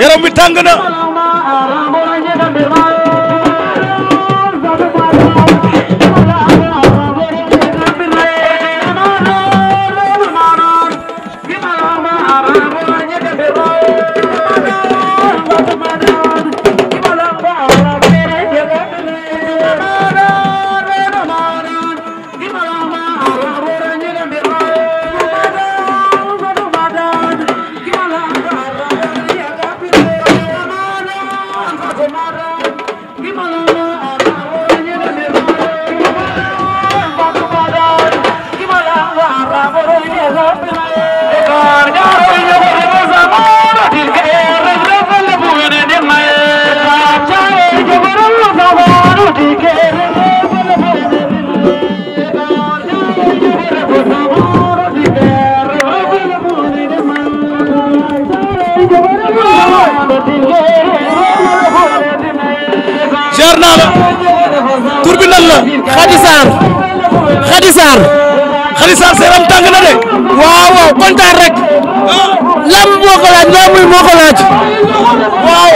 yaram bi tàng na naa la tur bi nan la Khady Sarr tàng na de waaw kontaan rek lamb moo ko laaj lamb moo ko laaj waaw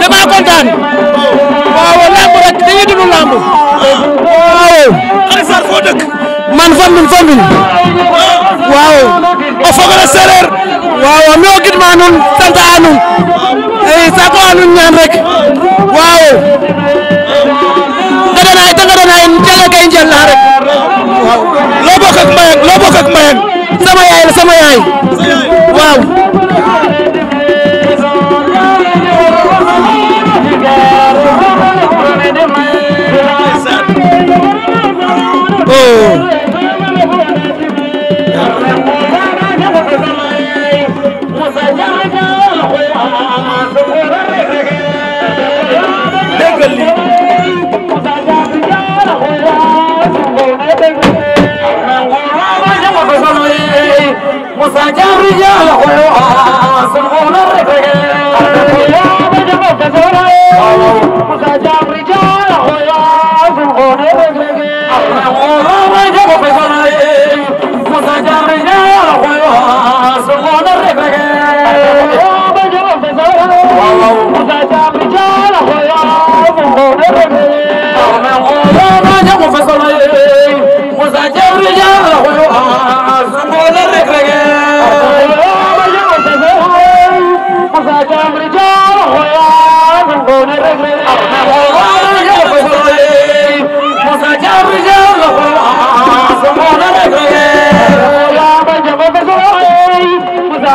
damaa kontaan waaw lamb rek dañuy dund lamb waaw Khady Sarr foo dëkk man Fombine Fombine waaw o fogole sereer waaw mi o gidma nuun sant a nuun eh, sant ñaan rek Ngadanaay te Ngadanaay Ndiaye kay njël laa rek waaw loo bokk ak Mbayang loo bokk ak Mbayang sama yaay la sama yaay. يا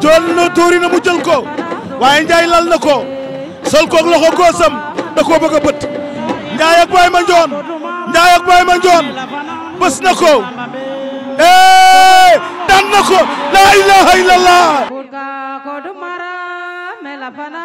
jool na tóori na mu jël ko waaye Ndiaye lal na ko sol koog loxo góosam da koo bëgg a bët Ndiaye ak Baye Mandione Ndiaye ak bës na ko eh daan na ko la ilaha illallah